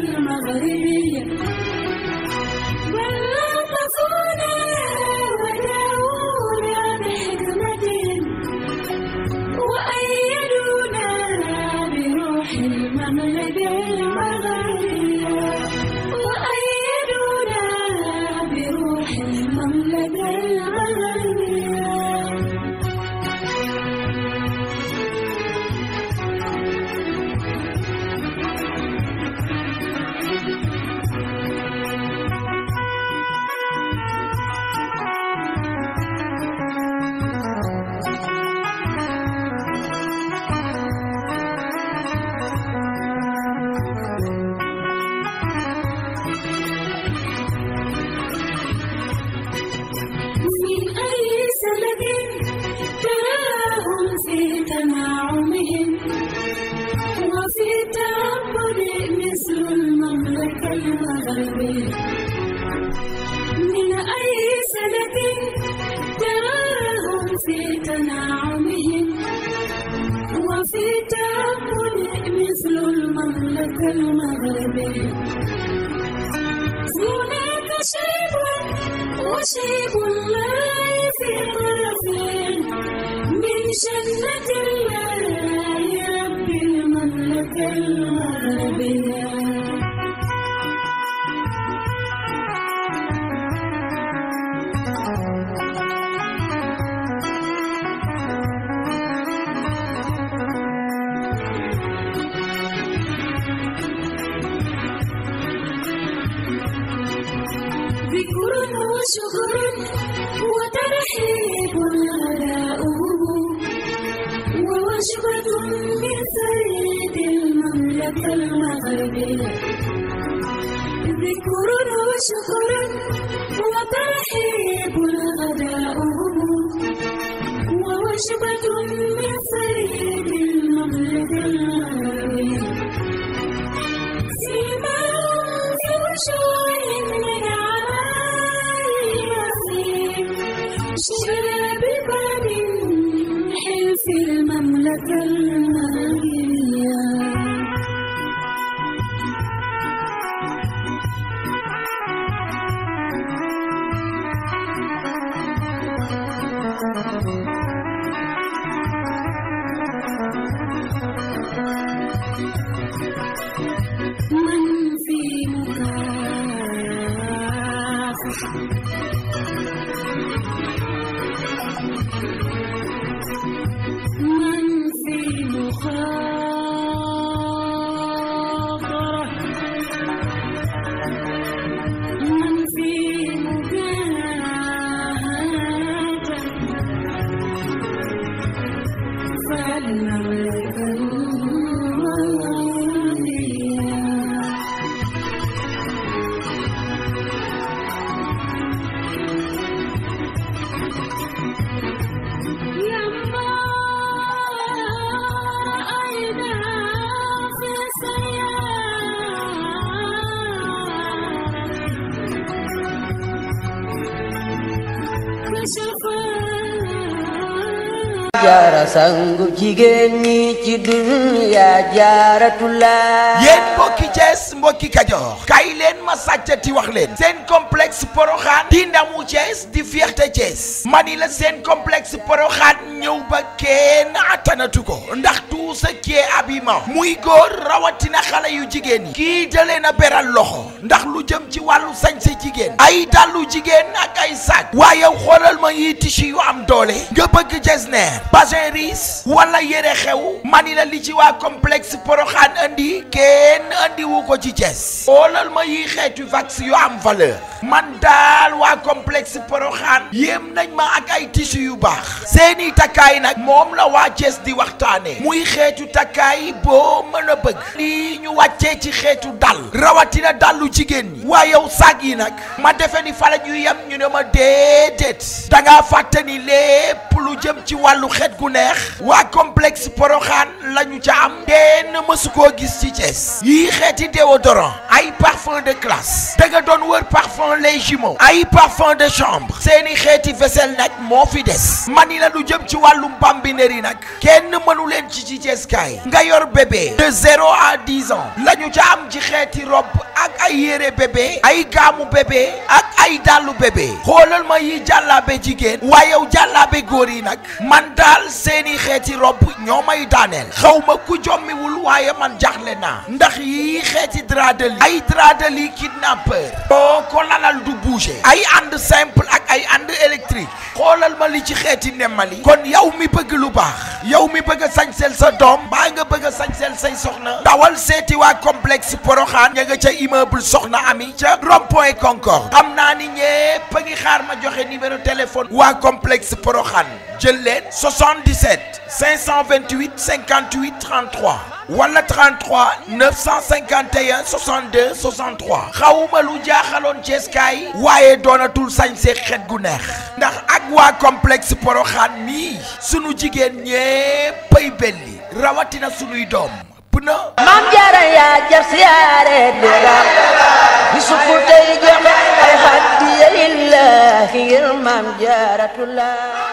كل مغربية ولطفونا وداونا بحكمتهم وأيدونا بروح المملكة المغربية من أي سنة تراهم في تنعمهم وفي تأمل مثل المملكة المغربية هناك شيب وشيب لا في طرفين من شنة الله رب المملكة المغربية وشكر وترحيب الغلاء ووجبة لسيد المملكة المغربية ذكر وشكر وترحيب الغداء ووجبة جنة so far. jaara sangu jigéen ñi ci duniya jaaratullah yéen mbokki Thiès mbokki Kajoor kay leen ma sàccati wax leen seen complexe Porokhane di ndamu Thiès di fierté Thiès mani la seen complexe Porokhane ñëw ba kenn attanatu ko ndax tout ce qui est muy góor rawatina xale yu jigéen yi kii dalee na beral loxo ndax lu jëm ci wàllu jigéen ay dàllu jigéen ak ay sac waaye xoolal ma yi tissu yu am doole nga bëgg jesner bazin riis wala yére xew mani la li ci waa complexe poroxaan andi kenn andiwu ko ci Thiès xoolal ma yi xeetu vax yu am valeur man daal waa complexe Porokhane yéem nañ ma ak ay tissu yu baax seeni takkaay nag moom la waa Thiès di waxtaanee muy xeetu takkaay boo mën a bëgg lii ñu wàccee ci xeetu dal rawatina dallu jigéen ñi waa yow saag yi nag ma defe ni fa yu ñu yem ñu ne ma déedéet da ngaa fàtte ni lépp lu jëm ci wàllu xet gu neex waa complexe Porokhane lañu ñu ca am kenn mësu koo gis ci Thiès yii xeeti déodorant parfum de classe de nga parfum les jumeaux parfum de chambre c'est une vaisselle morphides. Manila fi des nous lu jëm ci wàllum bambinerie nag kenn mënu ci bébé de 0 à 10 ans la ñu robe ak ay yére bébé ay gaamu bébé ak ay dàllu bébé xoolal ma yi jàllaabe jigéen waaye yow jàllaabe góor yi nag man daal seeni xeeti rob ñoo may daaneel xaw ku jommiwul waaye man jaxle naa ndax yi xeeti drap de ay drap de lit kidnappeur boo ko lalal du bouger ay ànd simple ay ànd électrique xoolal ma li ci xeeti nemmali kon yow mi bëgg lu baax yow mi bëgg a sañsel sa doom mbaa nga bëgg a sañsel say soxna dawal seeti waa complexe Poroxaan ña ca immeuble soxna ami ca rond-point Concorde xam naa ni ñépp a ngi xaar ma joxe numéro téléphone waa complexe Poroxaan je l'aide 77 528 58 33 wala 33 951 62 63 xawuma lu Khalon, ceeskaay Waye Donatoul, sañse xet gu neex ndax ak complexe poroxaan mii sunu jigéen ñéppay belli rawatina sunuy Idom pna Mam jaara Ya jar siyaare dara bisufu tey ay